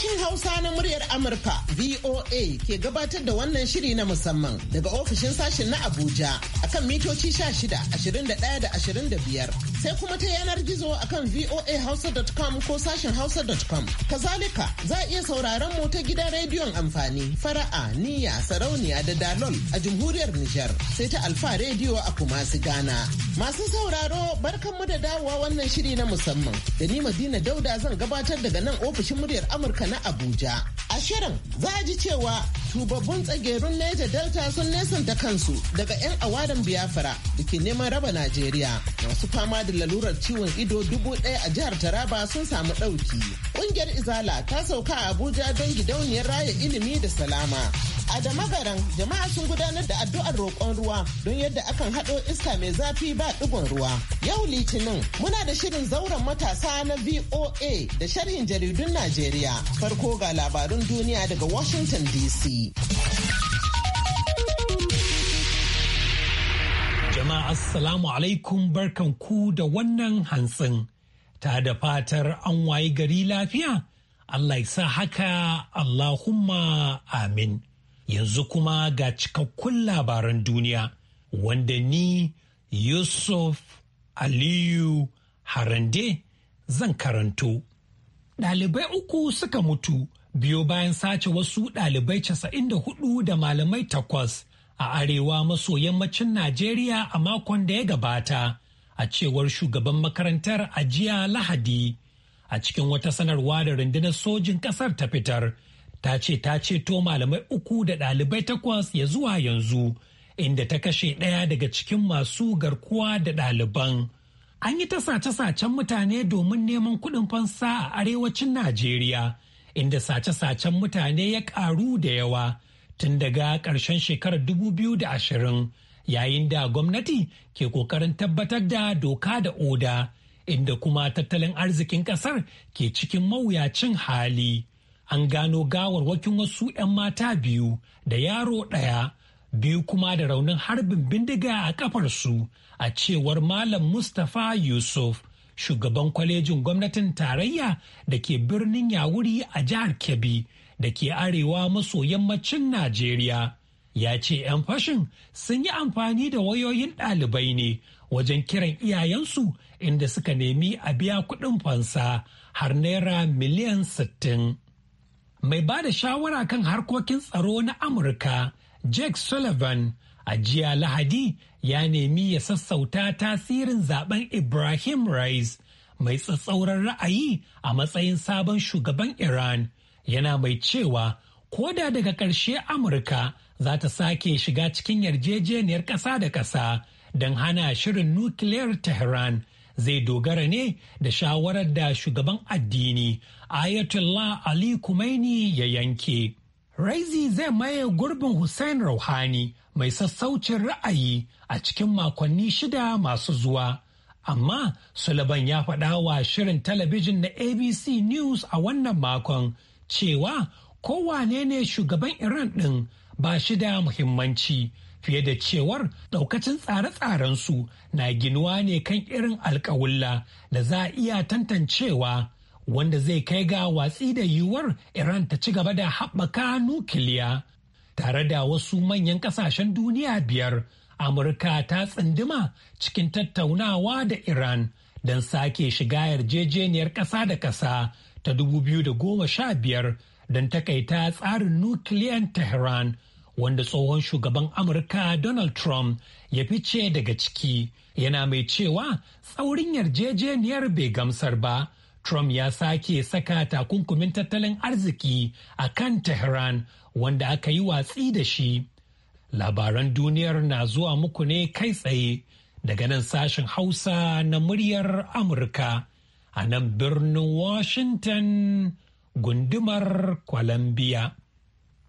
Sashin Hausa na muryar Amurka VOA ke gabatar da wannan shiri na musamman daga ofishin sashen na Abuja akan mitoci 16, 21 da 25. sai kuma ta yanar gizo a akan voahausa.com ko sashen hausa.com. Kazalika za a iya sauraron mu ta gidan rediyon amfani fara'a niyya sarauniya da dalol a jamhuriyar Nijar sai ta alfa rediyo a kumasi gana. Masu sauraro barkanmu da dawowa wannan shiri na musamman da ni Madina Dauda zan gabatar daga nan ofishin muryar Amurka na Abuja. A shirin za a ji cewa tubabbun tsagerun neja Delta sun nesanta kansu daga 'yan awadan Biafra da ke neman raba Najeriya masu fama da da lalurar ciwon ido dubu ɗaya a jihar Taraba sun samu ɗauki. Ƙungiyar Izala ta sauka a Abuja don gidauniyar raya ilimi da salama. A da magaran jama'a sun gudanar da addu'ar roƙon ruwa don yadda akan haɗo iska mai zafi ba ɗigon ruwa. Yau Litinin muna da shirin zauren matasa na VOA da sharhin jaridun Najeriya. Farko ga labarun duniya daga Washington DC. Assalamu alaikum barkan ku da wannan hantsin. Ta da fatar an wayi gari lafiya? Allah ya sa haka Allahumma amin. Yanzu kuma ga cikakkun labaran duniya wanda ni Yusuf Aliyu Harande zan karanto. Ɗalibai uku suka mutu biyo bayan sace wasu ɗalibai casa'in da hudu da malamai takwas a arewa maso yammacin Najeriya a makon da ya gabata, a cewar shugaban makarantar ajiya Lahadi. A cikin wata sanarwa da rundunar sojin ƙasar ta fitar, ta ce ta ceto malamai uku da ɗalibai takwas ya zuwa yanzu, inda ta kashe ɗaya daga cikin masu garkuwa da ɗaliban. An yi ta sace-sacen mutane domin neman kuɗin fansa a arewacin Najeriya, inda sace-sacen mutane ya ƙaru da yawa. tun daga ƙarshen shekarar 2020 yayin da gwamnati ke ƙoƙarin tabbatar da doka da oda inda kuma tattalin arzikin ƙasar ke cikin mawuyacin hali. An gano gawarwakin wasu 'yan mata biyu da yaro ɗaya biyu kuma da raunin harbin bindiga a ƙafarsu a cewar Malam Mustapha Yusuf. shugaban kwalejin gwamnatin tarayya da ke birnin yawuri a jihar kebbi da ke arewa maso yammacin Najeriya ya ce 'yan fashin sun yi amfani da wayoyin ɗalibai ne wajen kiran iyayensu inda suka nemi a biya kuɗin fansa har naira miliyan sittin. Mai ba da shawara kan harkokin tsaro na Amurka, Jake Sullivan, a jiya Lahadi ya nemi ya sassauta tasirin zaben Ibrahim Rice mai tsatsauran ra'ayi a matsayin sabon shugaban Iran yana mai cewa ko da daga ƙarshe amurka za ta sake shiga cikin yarjejeniyar ƙasa da ƙasa don hana shirin nukiliyar tehran zai dogara ne da shawarar da shugaban addini ayatollah ali kumaini ya yanke raizi zai maye gurbin hussein rauhani mai sassaucin ra'ayi a cikin makonni shida masu zuwa amma sulaban ya faɗa wa shirin talabijin na abc news a wannan makon cewa kowane ne shugaban Iran ɗin ba shi da muhimmanci fiye da cewar ɗaukacin tsare-tsarensu na ginuwa ne kan irin alkawulla da za a iya tantancewa wanda zai kai ga watsi da yiwuwar Iran ta ci gaba da haɓaka nukiliya tare da wasu manyan ƙasashen duniya biyar. Amurka ta tsindima cikin tattaunawa da Iran don sake shiga yarjejeniyar ƙasa da ƙasa ta 2015 don takaita tsarin nukiliyan Tehran wanda tsohon shugaban Amurka Donald Trump ya fice daga ciki yana mai cewa tsaurin yarjejeniyar bai gamsar ba. Trump ya sake saka takunkumin tattalin arziki a kan Tehran wanda aka yi watsi da shi. Labaran duniyar na zuwa muku ne kai tsaye daga nan sashen Hausa na muryar Amurka a nan birnin Washington gundumar Columbia.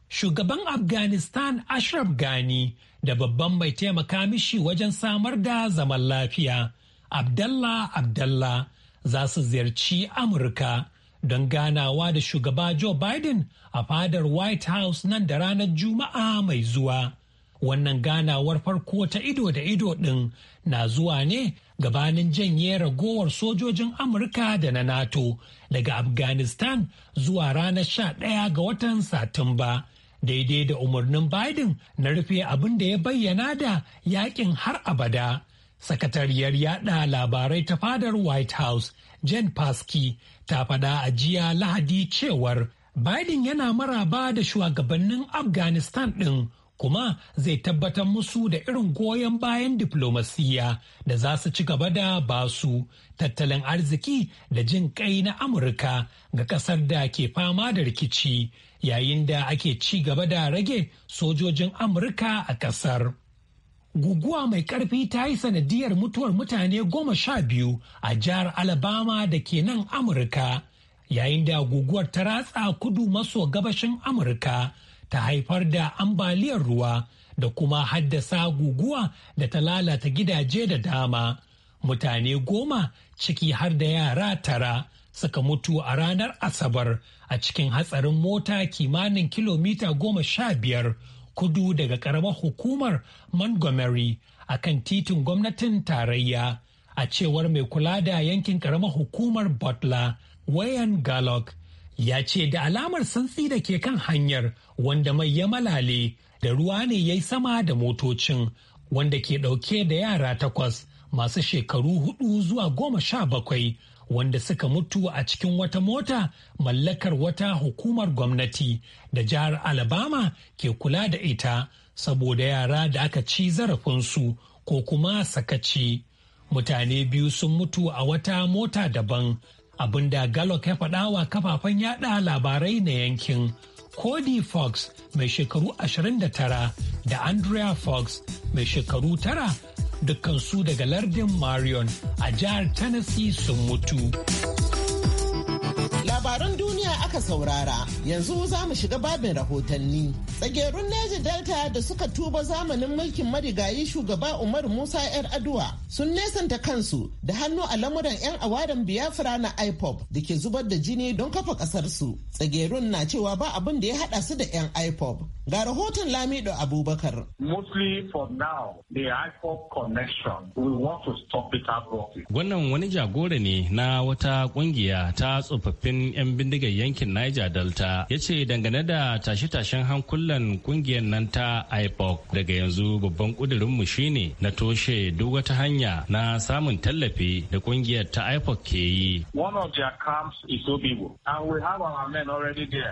Shugaban Afghanistan Ashraf Ghani da babban mai taimaka mishi wajen samar da zaman lafiya, Abdallah Abdallah za su ziyarci Amurka don ganawa da shugaba Joe Biden a fadar White House nan da ranar Juma'a mai zuwa. Wannan ganawar farko ta ido da ido ɗin na zuwa ne gabanin janye ragowar sojojin Amurka da na NATO daga Afghanistan zuwa ranar sha 11 ga watan Satumba. Daidai da umarnin Biden na rufe abin da ya bayyana da yakin har abada. Sakatariyar yada labarai ta fadar White House, Jen paski ta fada a jiya Lahadi cewar Biden yana maraba da shugabannin Afghanistan ɗin kuma zai tabbatar musu da irin goyon bayan diflomasiyya da za su ci gaba da basu tattalin arziki da jin kai na amurka ga kasar da ke fama da rikici yayin da ake ci gaba da rage sojojin amurka a kasar guguwa mai karfi ta yi sanadiyar mutuwar mutane goma sha biyu a jihar alabama da ke nan amurka yayin da guguwar ta ratsa kudu maso gabashin amurka ta haifar da ambaliyar ruwa da kuma haddasa guguwa da ta lalata gidaje da dama. Mutane goma ciki har da yara tara suka mutu a ranar Asabar a cikin hatsarin mota kimanin kilomita goma sha biyar kudu daga ƙaramar hukumar Montgomery a kan titin gwamnatin tarayya a cewar mai kula da yankin ƙaramar hukumar Butler, Wayan Gallock. ya ce da alamar santsi da ke kan hanyar wanda mai ya malale da ruwa ne ya yi sama da motocin wanda ke ɗauke da yara takwas masu shekaru hudu zuwa goma sha bakwai wanda suka mutu a cikin wata mota mallakar wata hukumar gwamnati da jihar alabama ke kula da ita saboda yara da aka ci zarafinsu ko kuma sakaci mutane biyu sun mutu a wata mota daban abinda Gallup ya faɗa wa kafafen yaɗa labarai na yankin. Cody Fox mai shekaru 29 da Andrea Fox mai shekaru tara dukkansu daga lardin Marion a jihar Tennessee sun mutu. Labaran duniya aka saurara, yanzu za mu shiga babin rahotanni. Tsagerun Neji Delta da suka tuba zamanin mulkin marigayi shugaba Umar Musa 'yar Aduwa sun nesanta kansu da hannu a lamuran 'yan awadan Biafra na IPOP da ke zubar da jini don kafa kasarsu. Tsagerun na cewa ba abin da ya haɗa su da 'yan IPOP. Ga rahoton Lamido Abubakar. Mostly for now, the IPOP connection, we want to stop it abruptly. Wannan wani jagora ne na wata ƙungiya ta tsofaffi tsofaffin 'yan bindigar yankin Niger Delta ya ce dangane da tashe-tashen hankulan kungiyar nan ta IPOC daga yanzu babban ƙudurinmu shine na toshe duk wata hanya na samun tallafi da kungiyar ta IPOC ke yi.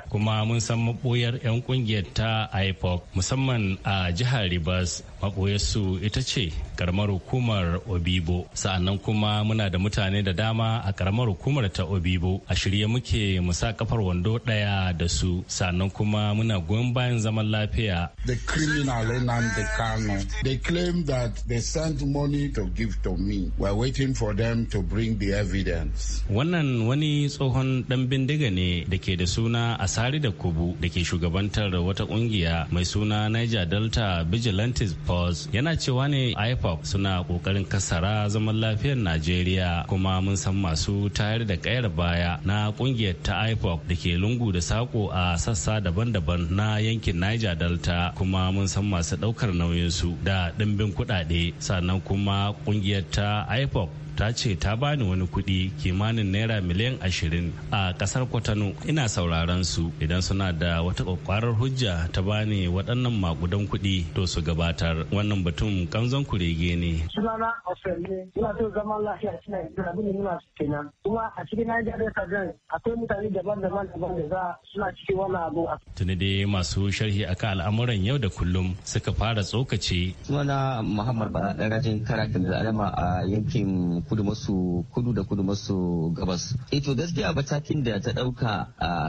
Kuma mun san maɓoyar 'yan kungiyar ta IPOC musamman a jihar Rivers maɓoyarsu ita ce karamar hukumar Obibo. Sa'annan kuma muna da mutane da dama a karamar hukumar ta Obibo a shirye muke mu sa kafar wando daya da su sannan kuma muna goyon bayan zaman lafiya. The criminal Nnamdi Kano, they claim that they sent money to give to me. We're waiting for them to bring the evidence. Wannan wani tsohon dan bindiga ne da ke da suna Asari da Kubu da ke shugabantar wata kungiya mai suna Niger Delta Vigilantes Force yana cewa ne IPOP suna kokarin kasara zaman lafiyar Najeriya kuma mun san masu tayar da kayar baya na kungiyar ta ipop da ke lungu da sako a sassa daban-daban na yankin Niger Delta kuma mun san masu daukar nauyinsu da ɗimbin kuɗaɗe sannan kuma kungiyar ta ipop ta ce ta bani wani kuɗi kimanin naira miliyan ashirin a kasar kwatano ina sauraron su idan suna da wata ƙwaƙwarar hujja ta bani waɗannan makudan kuɗi to su gabatar wannan batun kanzon kurege ne. sunana ofelne ina so zaman lafiya suna yanzu abin da su kenan kuma a cikin niger delta zan akwai mutane daban-daban daban da za suna cikin wannan abu. tuni dai masu sharhi akan al'amuran yau da kullum suka fara tsokace. sunana muhammad bala ɗan rajin karatun da alama a yankin kudu maso kudu da kudu maso gabas. eto eh, gaskiya matakin da ta ɗauka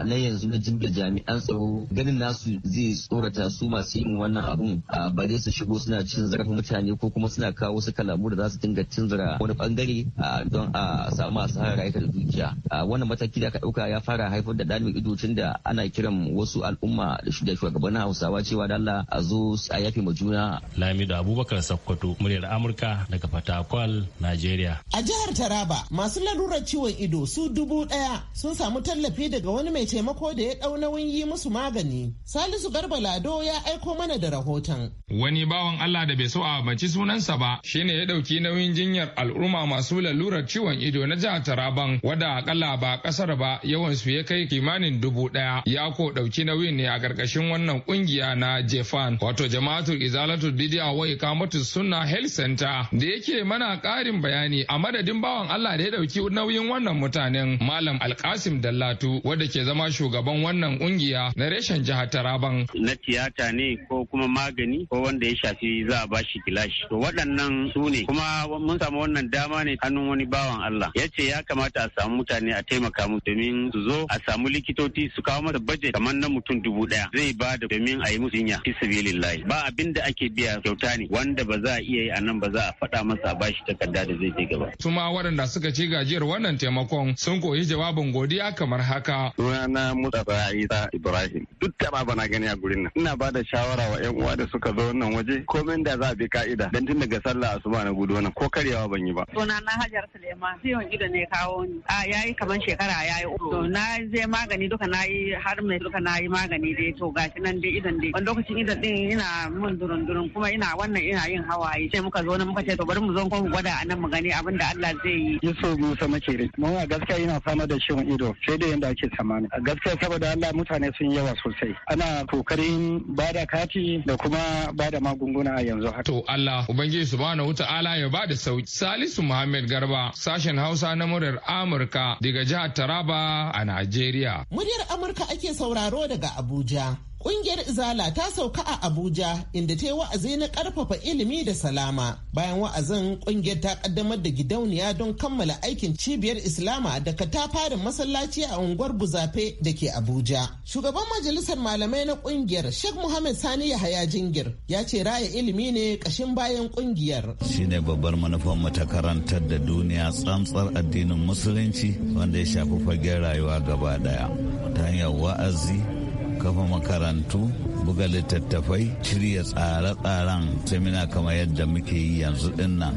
na yanzu na jimla jami'an tsaro ganin nasu zai tsorata su masu yin wannan abun ba dai su shigo suna cin zarafin mutane ko kuma suna kawo wasu kalamu da za su dinga zara wani bangare don a samu asarar rayuka da dukiya. Wannan mataki da aka dauka ya fara haifar da ɗalibin ido tun da ana kiran wasu al'umma da shugaban Hausawa cewa da Allah a zo a yafe ma juna. Lamido Abubakar Sakkwato, muryar Amurka daga Fatakwal, Najeriya. A jihar Taraba masu larurar ciwon ido su dubu ɗaya sun samu tallafi daga wani mai taimako da ya ɗau nauyin yi musu magani. Salisu Garba Lado ya aiko mana da rahoton. Wani bawan Allah da bai so a baci sunansa ba shine ya ɗauki nauyin jinyar al'umma masu lalurar ciwon ido na jihar Taraban wadda akalla ba kasar ba yawan su ya kai kimanin dubu ɗaya. Ya ko ɗauki nauyin ne a ƙarƙashin wannan ƙungiya na Jefan wato Jama'atu Izalatu Bidiya wai kamatu sunna health center da yake mana ƙarin bayani madadin bawan Allah da ya dauki nauyin wannan mutanen Malam Alkasim Dallatu wanda ke zama shugaban wannan kungiya na reshen jihar Taraban. Na tiyata ne ko kuma magani ko wanda ya shafi za a bashi gilashi. To waɗannan su ne kuma mun samu wannan dama ne hannun wani bawan Allah. Ya ce ya kamata a samu mutane a taimaka mu domin su zo a samu likitoci su kawo masa bajet kamar na mutum dubu ɗaya zai ba da domin a yi musu jinya fi sabilillahi. Ba abin da ake biya kyauta ne wanda ba za a iya yi a nan ba za a faɗa masa a bashi takarda da zai je gaba. ba. Tuma waɗanda suka ci gajiyar wannan taimakon sun koyi jawabin godiya kamar haka. Sunana Mustapha Isa Ibrahim. Duk da ba bana gani a gurin nan. Ina bada da shawara wa 'yan uwa da suka zo wannan waje komai da za a bi ka'ida dan tun daga sallah asuba na gudu wannan ko karyawa ban yi ba. Sunana Hajar Suleiman. Ciwon ido ne kawo ni. A yayi kamar shekara yayi uku. Na je magani duka na yi har mai duka na yi magani dai to gashi nan dai idan dai. Wani lokacin idan din ina mun durun durun kuma ina wannan ina yin hawaye. Sai muka zo na muka ce to bari mu zo ko mu gwada a nan mu gani abin abin da Allah zai yi. Yusuf Musa Makeri. Mun a gaskiya ina fama da shirin ido sai da yadda ake samani A gaskiya saboda Allah mutane sun yawa sosai. Ana kokarin bada kati da kuma ba da magunguna a yanzu haka. To Allah Ubangiji Subhanahu ta'ala ya ba da sauki. Salisu Muhammad Garba sashen Hausa na muryar Amurka daga jihar Taraba a Najeriya. Muryar Amurka ake sauraro daga Abuja. Ƙungiyar Izala ta sauka a Abuja inda ta yi wa'azi na ƙarfafa ilimi da salama. Bayan wa'azin ƙungiyar ta ƙaddamar da gidauniya don kammala aikin cibiyar Islama da katafarin masallaci a unguwar Buzafe da ke Abuja. Shugaban majalisar malamai na ƙungiyar Sheikh Muhammad Sani Yahaya Jingir ya ce raya ilimi ne ƙashin bayan ƙungiyar. ne babbar manufar mu ta karantar da duniya tsantsar addinin musulunci wanda ya shafi fagen rayuwa gaba ɗaya. Ta hanyar wa'azi kafa makarantu buga littattafai shirya tsare-tsaren semina kamar yadda muke yi yanzu dinnan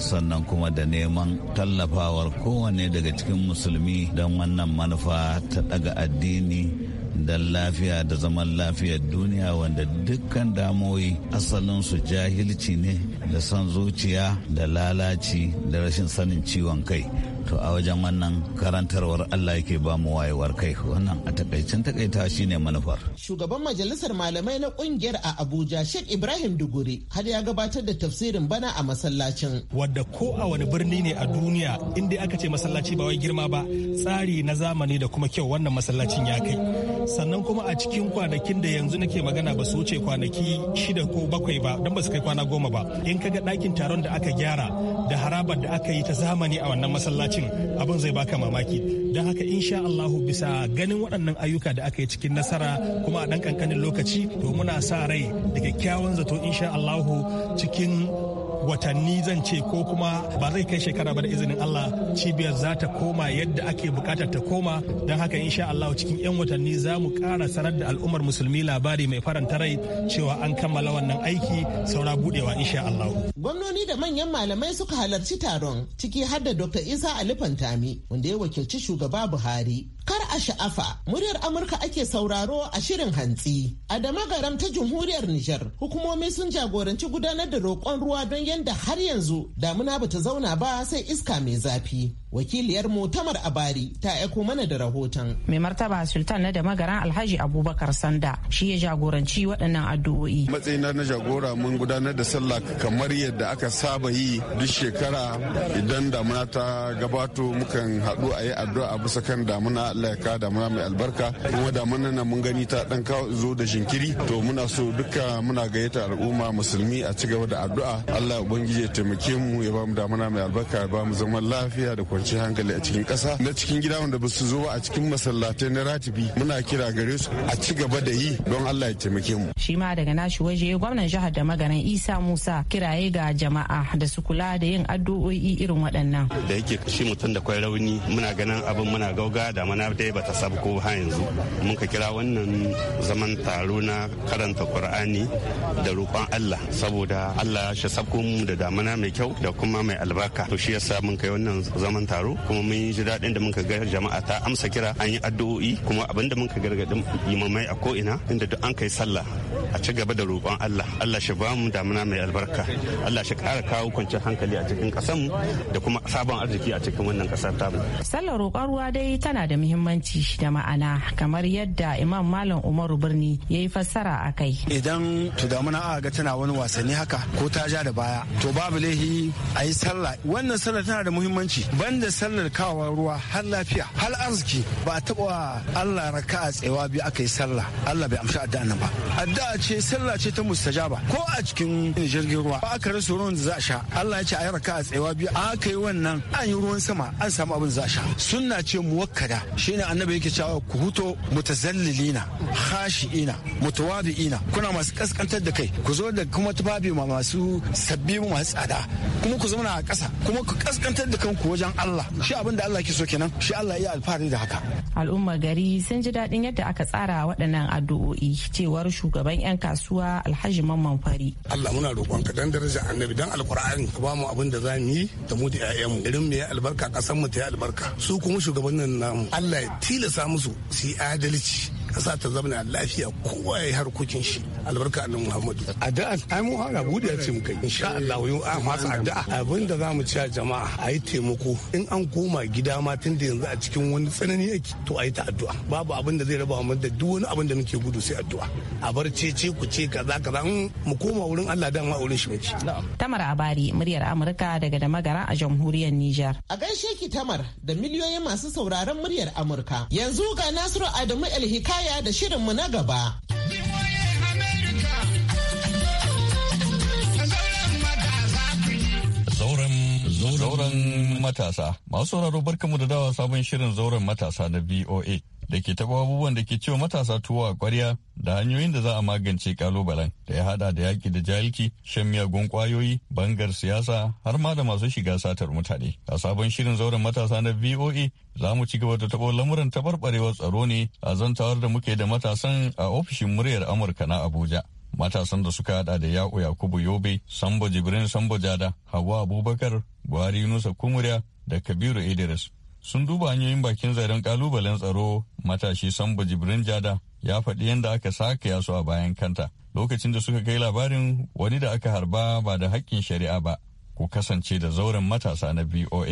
sannan kuma da neman tallafawar kowane daga cikin musulmi don wannan manufa ta daga addini don lafiya da zaman lafiyar duniya wanda dukkan damoyi asalinsu jahilci ne da son zuciya da lalaci da rashin sanin ciwon kai to a wajen wannan karantarwar Allah yake ba mu wayewar kai wannan a takaicin takaita shi ne manufar shugaban majalisar malamai na kungiyar a Abuja Sheikh Ibrahim Duguri har ya gabatar da tafsirin bana a masallacin wadda ko a wani birni ne a duniya inda aka ce masallaci ba wai girma ba tsari na zamani da kuma kyau wannan masallacin ya kai sannan kuma a cikin kwanakin da yanzu nake magana ba su wuce kwanaki shida ko bakwai ba don ba su kai kwana goma ba in kaga ɗakin taron da aka gyara da harabar da aka yi ta zamani a wannan masallacin abin zai baka mamaki don haka insha Allahu bisa ganin waɗannan ayyuka da aka yi cikin nasara kuma a ɗan ƙanƙanin lokaci to muna sa rai da kyakkyawan zato insha Allahu cikin watanni zan ce ko kuma ba zai kai shekara ba da izinin Allah cibiyar za ta koma yadda ake bukatar ta koma don haka insha Allah cikin 'yan watanni za mu kara sanar da al'ummar musulmi labari mai faranta rai cewa an kammala wannan aiki saura budewa insha Allah. Gwamnoni da manyan malamai suka halarci taron ciki har da Dr. Isa Ali Fantami wanda ya wakilci shugaba Buhari. Kar a sha'afa muryar Amurka ake sauraro a shirin hantsi. A dama garam ta jamhuriyar Nijar hukumomi sun jagoranci gudanar da roƙon ruwa don yadda har yanzu damuna bata zauna ba sai iska mai zafi. wakiliyar wakiliyarmu tamar abari ta aiko mana da rahoton mai martaba sultan na da magaran alhaji abubakar sanda shi ya jagoranci waɗannan addu'o'i matsayina na jagora mun gudanar da sallah kamar yadda aka saba yi duk shekara idan damuna ta gabato mukan haɗu a yi addu'a a bisa kan damuna allah ya damuna mai albarka kuma damuna na mun gani ta ɗan kawo zo da jinkiri to muna so duka muna gayyata al'umma musulmi a ci gaba da addu'a allah ubangiji ya taimake mu ya bamu damuna mai albarka ya bamu zaman lafiya da kwanciyar kwanciyar hankali a cikin ƙasa na cikin gida wanda ba su zo ba a cikin masallatai na ratibi muna kira gare su a ci gaba da yi don Allah ya taimake mu. Shi ma daga nashi waje gwamnan jihar da magaran Isa Musa kiraye ga jama'a da su kula da yin addu'o'i irin waɗannan. Da yake shi mutum da kwai rauni muna ganin abin muna gauga da mana dai bata ko ha yanzu. Mun ka kira wannan zaman taro na karanta Qur'ani da roƙon Allah saboda Allah shi sabko mu da damana mai kyau da kuma mai albarka. To shi yasa mun kai wannan zaman taro kuma mun ji daɗin da muka ga jama'a ta amsa kira an yi addu'o'i kuma abin da muka gargaɗi imamai a ko'ina inda duk an kai sallah a ci gaba da roƙon Allah Allah shi ba mu damuna mai albarka Allah shi ƙara kawo kwanciyar hankali a cikin ƙasar mu da kuma sabon arziki a cikin wannan ƙasar ta sallar roƙon ruwa dai tana da muhimmanci da ma'ana kamar yadda Imam Malam Umaru Birni ya yi fassara a kai idan to damuna aka ga tana wani wasanni haka ko ta ja da baya to babu laihi a yi sallah wannan sallah tana da muhimmanci ban da sallar kawo ruwa har lafiya har arziki ba a taba wa Allah raka a tsewa biyu aka yi sallah Allah bai amsa addu'a nan ba addu'a ce sallah ce ta mustajaba ko a cikin jirgin ruwa ba aka rasa ruwan da za a sha Allah ya ce a yi raka a tsewa biyu aka yi wannan an yi ruwan sama an samu abin za a sha sunna ce muwakkada shine annabi yake cewa ku huto mutazallilina khashi'ina mutawadi'ina kuna masu kaskantar da kai ku zo da kuma tufafi masu sabbi masu tsada kuma ku zauna a ƙasa kuma ku kaskantar da kanku wajen Allah Allah shi abin da Allah ke so kenan shi Allah ya alfahari da haka al'ummar gari sun ji daɗin yadda aka tsara waɗannan addu'o'i cewar shugaban 'yan kasuwa Alhaji Mamman Fari Allah muna roƙon ka dan daraja annabi dan alqur'ani ka ba mu abin da za mu yi da mu da 'ya'yanmu irin mu ya albarka kasan mu ta yi albarka su kuma shugabannin namu Allah ya tilasa musu su yi adalci kasa ta na lafiya kowa ya yi harkokin shi albarka annan muhammadu addu'a ai mu fara buɗe ce mu kai insha Allah yau an addu'a abin da zamu ci a jama'a ayi yi taimako in an koma gida ma tun da yanzu a cikin wani tsanani yake to a ta addu'a babu abin da zai raba mu da duk wani abin da muke gudu sai addu'a a bar cece ku ce kaza kaza in mu koma wurin Allah ma wurin shi muke Tamar Abari muryar Amurka daga da magara a jamhuriyar Nijar a gaishe ki Tamar da miliyoyin masu sauraron muryar Amurka yanzu ga Nasiru Adamu El ya da shirinmu na gaba. Zauren matasa. Masu sauraro barkamu da dawa sabon shirin zauren matasa na VOA da ke taɓa abubuwan da ke cewa matasa tuwo a ƙwarya da hanyoyin da za a magance kalubalen da ya hada da yaƙi da jahilci, shan miyagun ƙwayoyi, bangar siyasa har ma da masu shiga satar mutane. A sabon shirin zauren matasa na VOA za mu ci gaba da taɓo lamuran taɓarɓarewar tsaro ne a zantawar da muke da matasan a ofishin muryar Amurka na Abuja. matasan da suka hada da yaƙo yakubu yobe sambo jibrin sambo jada hawa abubakar buhari yunusa kumuriya da kabiru idris sun duba hanyoyin bakin zaren kalubalen tsaro matashi sambo jibrin jada ya faɗi yadda aka sake su a bayan kanta lokacin da suka kai labarin wani da aka harba ba da haƙƙin shari'a ba ku kasance da zauren matasa na voa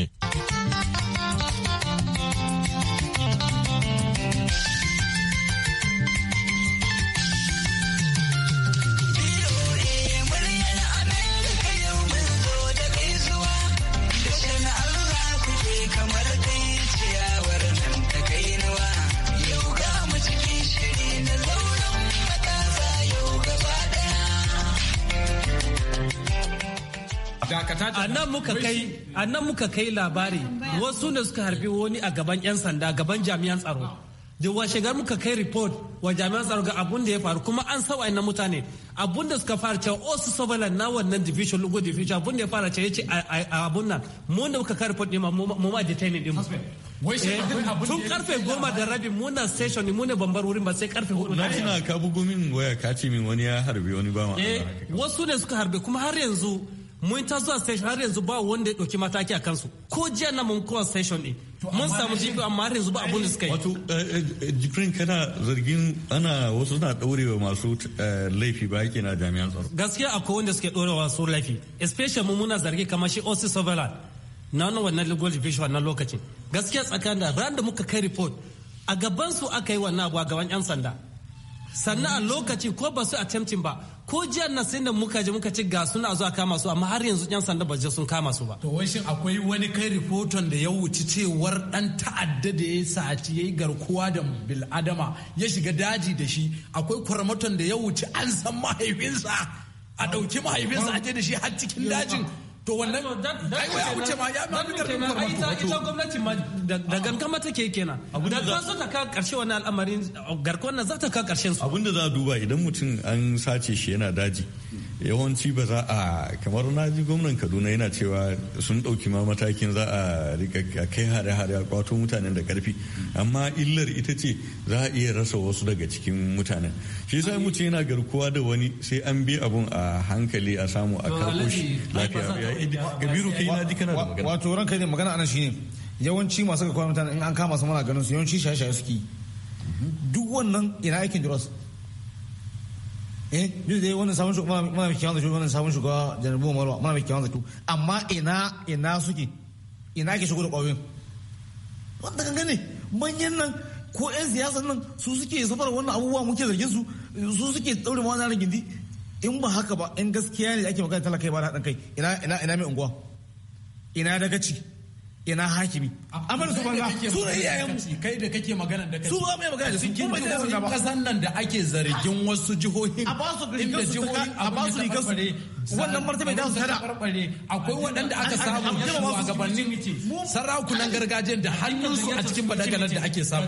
a nan muka kai labari wasu ne suka harbi wani a gaban 'yan sanda gaban jami'an tsaro da washe gar muka kai report wa jami'an tsaro ga abun da ya faru kuma an sa na mutane abun da suka fara cewa o oh, su surveillance na wannan division lugu division abun da ya fara cewa yace abun nan mu da muka kai report din mu ma detaining din mu eh, tun karfe goma da rabi muna station ne muna bambar wurin ba sai karfe hudu na tuna ka bugu min waya ka ce min wani ya harbe wani ba ma eh, wasu ne suka harbe kuma har yanzu mun ta zuwa station har yanzu ba wanda ya ɗauki mataki a kansu ko jiya na mun kowa station ɗin mun samu jibi amma har yanzu ba abun da suka yi. wato eh, eh, jikirin kana zargin ana wasu suna ɗaurewa masu eh, laifi ba yake na jami'an tsaro. gaskiya akwai wanda suke ɗorewa su laifi especially mu muna zargi kamar shi osi sovereign na wani wannan legal division wannan lokacin gaskiya tsakanin da ran da muka kai report a gabansu aka yi wannan abu a gaban 'yan sanda sannan a lokacin ko ba su attempting ba ko jiya na sai da muka je muka ce ga suna zuwa kama su amma har yanzu yan sanda ba je sun kama su ba to wai shin akwai wani kai rahoton da ya wuce cewar dan ta'adda da ya saci yayi garkuwa da bil'adama ya shiga daji da shi akwai kwarmaton da ya wuce an san mahaifinsa a dauki mahaifinsa a je da shi har cikin dajin to wannan ai wai abu ma ya ma bi karfin kwarmato ai ita gwamnati ma da mata take kenan da za su ta ka karshe wannan al'amarin garkon nan za ta ka karshen su abinda za a duba idan mutum an sace shi yana daji yawanci ba za a kamar na ji gwamnan kaduna yana cewa sun ɗauki ma matakin za a rika kai hare-hare a kwato mutanen da karfi amma illar ita ce za a iya rasa wasu daga cikin mutanen shi sai mu ce yana garkuwa da wani sai an bi abun a hankali a samu a karɓo shi lafiya gabiru kai na ji kana da magana wato ranka ne magana anan shine yawanci masu ga kwana mutanen in an kama su muna ganin su yawanci shaye-shaye suke duk wannan ina aikin drugs eh duk dai wannan sabon shugaba muna mai kyawun zato wannan sabon shugaba janar buwa marwa muna mai kyawun zato amma ina ina suke ina ke shigo da ƙwayoyin wanda kan gane manyan nan ko 'yan siyasan nan su suke zubar wannan abubuwa muke zargin su su suke daure ma wani gindi in ba haka ba in gaskiya ne ake magana talaka ba da haɗin kai ina ina ina mai unguwa ina dagaci ina hakimi amara su banga su ne mu kai da kake magana da kai su ba mai magana da su kuma da su kasan nan da ake zargin wasu jihohin a ba su inda jihohin a ba su rigar su wannan martaba da su tada akwai waɗanda aka samu a gabanin sarakunan gargajiyar da hannun su a cikin badagalar da ake samu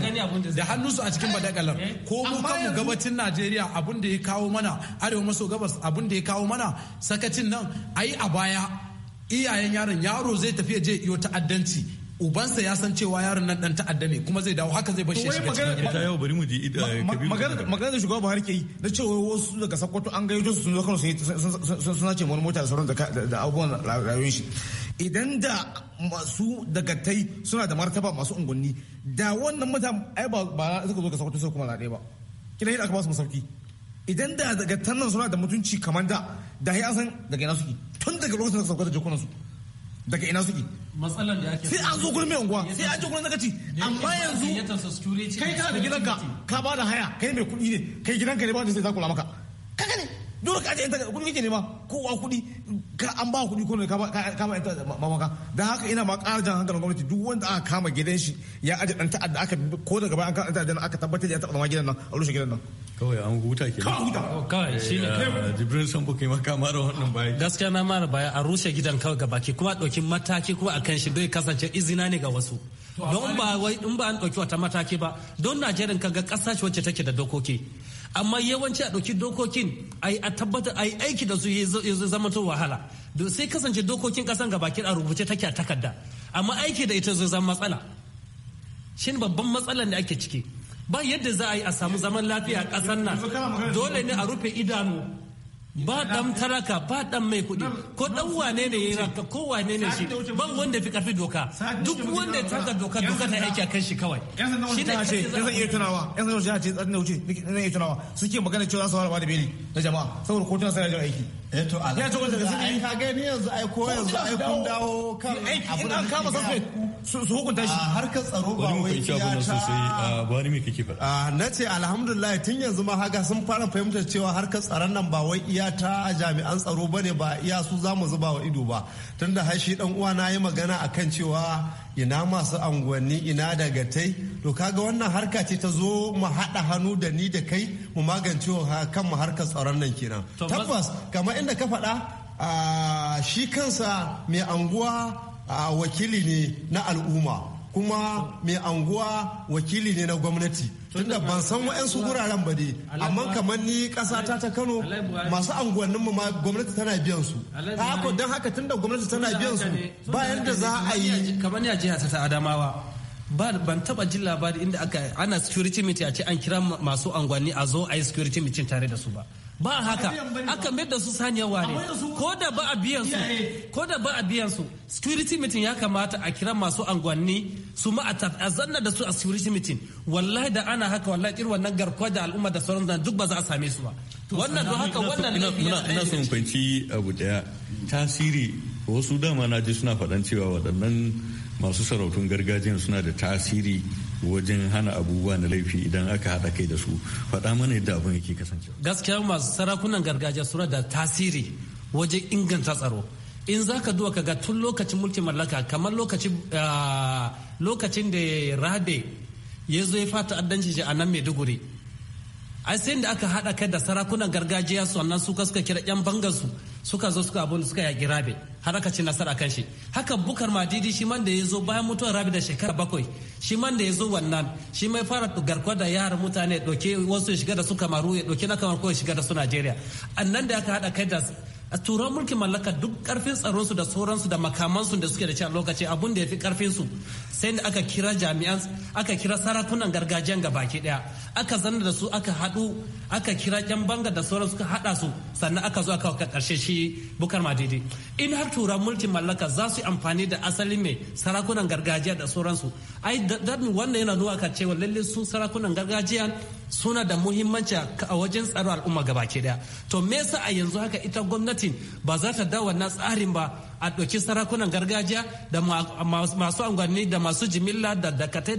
da hannun su a cikin eh? badagalar eh? ko mu kanmu gabacin Najeriya abin da ya kawo mana arewa maso gabas abin da ya kawo mana sakacin nan ayi a baya iyayen yaron yaro zai tafi je iyo ta'addanci ubansa ya san cewa yaron nan dan ta'adda ne kuma zai dawo haka zai bashi shiga cikin ita yau bari mu ji eh, magana magana da shugaba Buhari ke yi na cewa wasu daga Sakkwato an gayyato su sun zo Kano sun sun ce mota da sauran da abubuwan rayuwar shi idan da masu dagatai suna da martaba masu unguwanni da wannan mutane ai ba za ka zo ka Sakkwato sai kuma zaɓe ba kina da aka ba su masauki idan da daga tannan suna da mutunci kamar da da ya san daga ina suke tun daga lokacin da sauka da jikunan su daga ina suke matsalan da ake sai an zo gurin mai unguwa sai an je gurin zakaci amma yanzu kai ka da gidanka ka ba da haya kai mai kuɗi ne kai gidanka ne ba da sai za ku maka kaga ne dole ka ce ita kuɗi kake nema kowa kudi ka an ba kudi ko ne ka ba mamaka don haka ina ma kara jan hankalin gwamnati duk wanda aka kama gidan shi ya aje dan ta'adda aka ko daga bayan kan ta'adda aka tabbatar da ya taba gidan nan a rushe gidan nan kawai an huta ke kawai oh, shi ne eh, jibrin san bukai maka mara wannan baya gaskiya na mara baya a rushe gidan kawai gaba ke kuma ɗauki mataki kuma akan shi bai kasance izina ne ga wasu don ba wai in ba an ɗauki wata mataki ba don najeriya kaga ƙasa wacce take da dokoki amma yawanci a ɗauki dokokin a tabbatar a yi aiki da su ya zama to wahala sai kasance dokokin ƙasan bakin a rubuce take a takarda amma aiki da ita zai zama matsala shin babban matsalar da ake ciki ba yadda za a yi a samu zaman lafiya a ƙasar nan dole ne a rufe idanu ba dan taraka ba dan mai kuɗi ko dan wane ne yayi ranka ko wane ne shi ban wanda fi karfi doka duk wanda ya taka doka doka ta aiki akan shi kawai shi ne ce zan iya tunawa yan sanar ce tsarin da wuce iya tunawa suke magana cewa za su fara ba da beli na jama'a saboda kotuna sai da aiki eh to alhaji ya to daga zini ka ga ni yanzu ai ko yanzu ai kun dawo kan abu da kama suspect su hukunta shi harkar tsaro ba wai ya ta bari me kake faɗa na ce alhamdulillah tun yanzu ma haga sun fara fahimtar cewa harkar tsaron nan ba wai iya ta jami'an tsaro bane ba iya su zamu zuba wa ido ba tunda har shi dan uwa na yi magana akan cewa ina masu anguwanni ina gatai to kaga wannan harka ce ta zo mu haɗa hannu da ni da kai mu magance mu harkar tsaron nan kenan tabbas kamar inda ka faɗa shi kansa mai anguwa wakili ne na al'umma kuma mai anguwa wakili ne na gwamnati tunda ban san wa'yansu wuraren ba ne amma kamar ni kasa ta ta Kano masu unguwanninmu ma gwamnati tana biyan su ta haka don haka tunda gwamnati tana biyan su bayan da za a yi kamar ni a jiha ta Adamawa ban taba jin labari inda aka ana security meeting a ce an kira masu angwani a zo a yi security meeting tare da su ba ba haka aka mai da su saniya ware ko da ba a biyan su ko da ba a biyan su security meeting ya kamata a kira masu angwanni su ma a zanna da su a security meeting wallahi da ana haka wallahi irin wannan garkuwa da al'umma da sauran zan duk ba za a same su ba wannan don haka wannan ina son kwanci abu daya tasiri wasu dama na ji suna faɗan cewa waɗannan masu sarautun gargajiyan suna da tasiri wajen hana abubuwa na laifi idan aka hada kai da su faɗa mana yadda abin yake kasance gaskiya masu sarakunan gargajiya suna da tasiri wajen inganta tsaro in za ka duwa ga tun lokacin mulkin mallaka kamar lokacin ah, da rade ya zo ya fata addanci a nan maiduguri ai sai da aka hada kai da sarakunan gargajiya sannan su suka kira yan bangan su suka zo suka abun suka yaƙi rabi har aka ci nasara kan shi haka bukar madidi shi man da ya zo bayan mutuwar rabe da shekara bakwai shi man da ya zo wannan shi mai fara garkuwa da yaran mutane ɗauke wasu ya shiga da su kamaru ya ɗauke na kamar ko ya shiga da su najeriya annan da aka hada kai da a turan mulkin mallaka duk karfin tsaronsu da sauransu da makamansu da suke da ci a lokaci abun da ya fi karfinsu sai da aka kira jami'an aka kira sarakunan gargajiyan ga baki daya aka zanna da su aka haɗu aka kira yan banga da sauran suka haɗa su sannan aka zo aka karshe shi bukar madidi in har turan mulkin mallaka za su yi amfani da asali mai sarakunan gargajiya da sauransu ai wannan yana nuna ka cewa lalle su sarakunan gargajiya suna da muhimmanci a wajen tsaro al'umma gabaki daya to me yasa a yanzu haka ita gwamnatin ba za ta da wannan tsarin ba a ɗauki sarakunan gargajiya da masu angwanni da masu jimilla da dakatai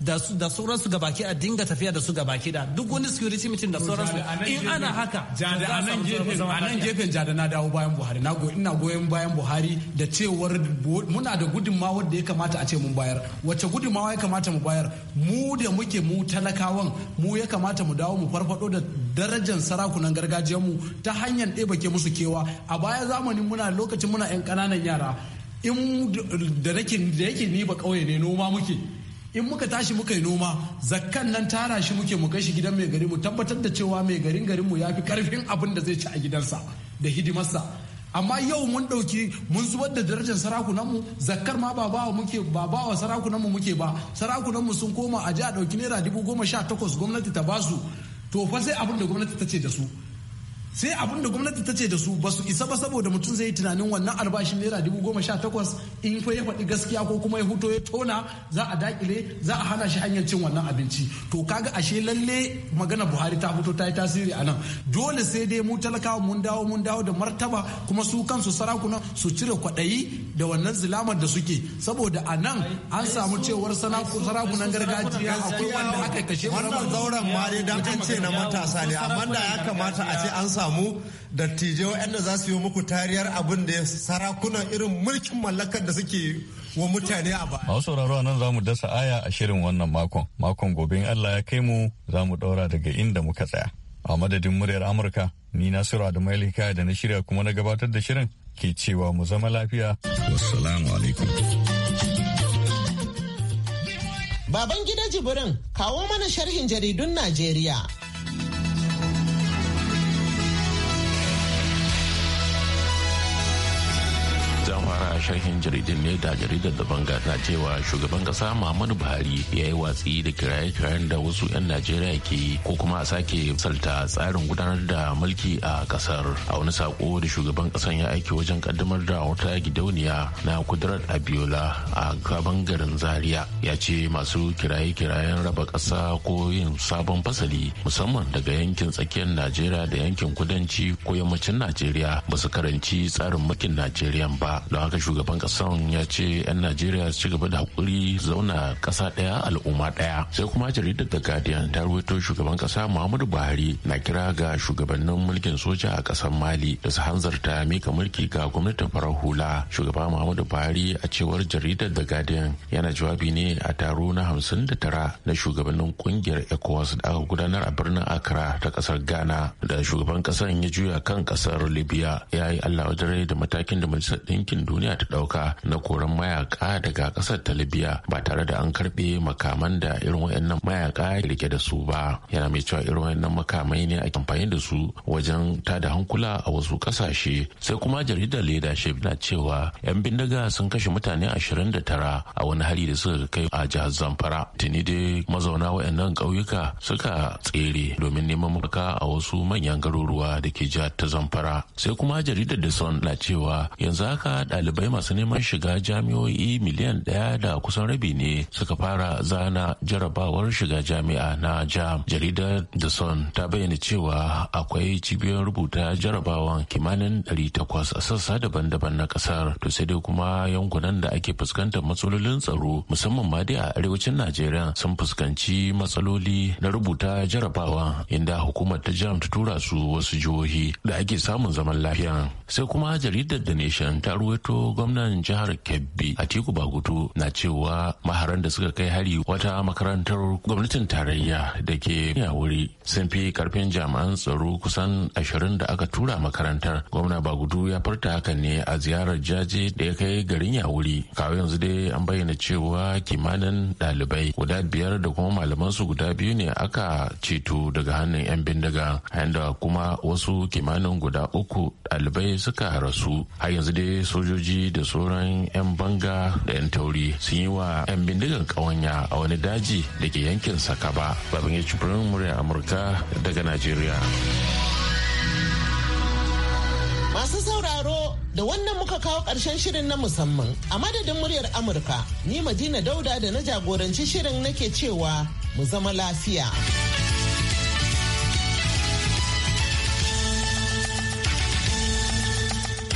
da sauransu ga baki a dinga tafiya da su ga baki da duk wani security meeting da sauransu in ana haka a nan gefen jada na dawo bayan buhari na ina goyon bayan buhari da cewar muna da gudunmawar da ya kamata a ce mun bayar wacce gudunmawa ya kamata mu bayar mu da muke mu talakawan mu ya kamata mu dawo mu farfado da darajar sarakunan mu ta hanyar ɗebake musu kewa a baya zamanin muna lokacin muna 'yan ƙananan yara in da nake da yake ni ba kauye ne noma muke in muka tashi muka yi noma zakkan nan tara shi muke mu kai shi gidan mai gari mu tabbatar da cewa mai garin garin mu yafi karfin abin da zai ci a gidansa da hidimarsa amma yau mun dauki mun zubar da darajar sarakunan mu zakkar ma ba bawa muke ba bawa sarakunanmu muke ba sarakunan mu sun koma a ji a ɗauki naira dubu goma sha takwas gwamnati ta basu to fa sai abin da gwamnati ta ce da su sai abin da gwamnati ta ce da su ba su isa ba saboda mutum zai yi tunanin wannan albashin naira dubu goma sha takwas in fa ya faɗi gaskiya ko kuma ya huto ya tona za a dakile za a hana shi hanyar cin wannan abinci to kaga ashe lalle magana buhari ta fito ta yi tasiri a nan dole sai dai mu talakawa mun dawo mun dawo da martaba kuma su kansu sarakuna su cire kwaɗayi da wannan zilamar da suke saboda a nan an samu cewar sarakunan gargajiya akwai wanda aka kashe wannan zauren ma dai dan an ce na matasa ne amma da ya kamata a ce an samu samu dattijai waɗanda za su yi muku tariyar abin da sarakunan irin mulkin mallakar da suke wa mutane a baya. Masu sauraro nan za mu dasa aya a shirin wannan makon. Makon gobe in Allah ya kai mu za mu ɗaura daga inda muka tsaya. A madadin muryar Amurka, ni Nasiru Adamu Hikaya da na shirya kuma na gabatar da shirin ke cewa mu zama lafiya. Wassalamu alaikum. Baban gida jiburin kawo mana sharhin jaridun Najeriya. sharhin jaridun ne da jaridar da banga na cewa shugaban kasa muhammadu buhari ya yi watsi da kiraye-kirayen da wasu 'yan najeriya ke yi ko kuma a sake salta tsarin gudanar da mulki a kasar a wani sako da shugaban kasan ya aiki wajen kaddamar da wata gidauniya na kudurar abiola a gaban garin zaria ya ce masu kiraye-kirayen raba kasa ko yin sabon fasali musamman daga yankin tsakiyar najeriya da yankin kudanci ko yammacin najeriya ba su karanci tsarin mulkin najeriya ba don haka shugaban kasan ya ce 'yan najeriya su ci gaba da haƙuri zauna ƙasa ɗaya al'umma ɗaya sai kuma jaridar da guardian ta ruwaito shugaban ƙasa muhammadu buhari na kira ga shugabannin mulkin soja a ƙasar mali da su hanzarta mika mulki ga gwamnatin farar hula shugaba muhammadu buhari a cewar jaridar da guardian yana jawabi ne a taro na hamsin da tara na shugabannin kungiyar ecowas da aka gudanar a birnin accra ta ƙasar ghana da shugaban ƙasan ya juya kan ƙasar libya ya yi allah da matakin da majalisar ɗinkin duniya duniya ta dauka na koran mayaka daga kasar ta libya ba tare da an karbe makaman da irin wayannan mayaka rike da su ba yana mai cewa irin wayannan makamai ne ake amfani da su wajen ta da hankula a wasu kasashe sai kuma jaridar leadership na cewa yan bindiga sun kashe mutane 29 a wani hari da suka kai a jihar zamfara tuni dai mazauna wayannan ƙauyuka suka tsere domin neman mafaka a wasu manyan garuruwa da ke jihar ta zamfara sai kuma jaridar da son na cewa yanzu haka ɗalibai ɗalibai masu neman shiga jami'o'i miliyan ɗaya da kusan rabi ne suka fara zana jarabawar shiga jami'a na jam jaridar the sun ta bayyana cewa akwai cibiyar rubuta jarabawan kimanin 800 a sassa daban-daban na kasar to sai dai kuma yankunan da ake fuskantar matsalolin tsaro musamman ma dai a arewacin najeriya sun fuskanci matsaloli na rubuta jarabawa inda hukumar ta jam ta tura su wasu jihohi da ake samun zaman lafiya sai kuma jaridar the nation ta ruwaito gwamnan jihar Kebbi Atiku Bagutu na cewa maharan da suka kai hari wata makarantar gwamnatin tarayya da ke wuri sun fi karfin jami'an tsaro kusan ashirin da aka tura makarantar. Gwamna Bagutu ya farta hakan ne a ziyarar jaje da ya kai garin Yawuri. Kawo yanzu dai an bayyana cewa kimanin ɗalibai guda biyar da kuma malamansu guda biyu ne aka ceto daga hannun 'yan bindiga yanda kuma wasu kimanin guda uku ɗalibai suka rasu. Har yanzu dai sojoji da sauran 'yan banga da 'yan tauri sun yi wa 'yan bindigan kawanya a wani daji da ke yankin sakaba babin ya cikin murya amurka daga najeriya masu sauraro da wannan muka kawo karshen shirin na musamman a madadin muryar amurka ni madina dauda da na jagoranci shirin nake cewa mu zama lafiya.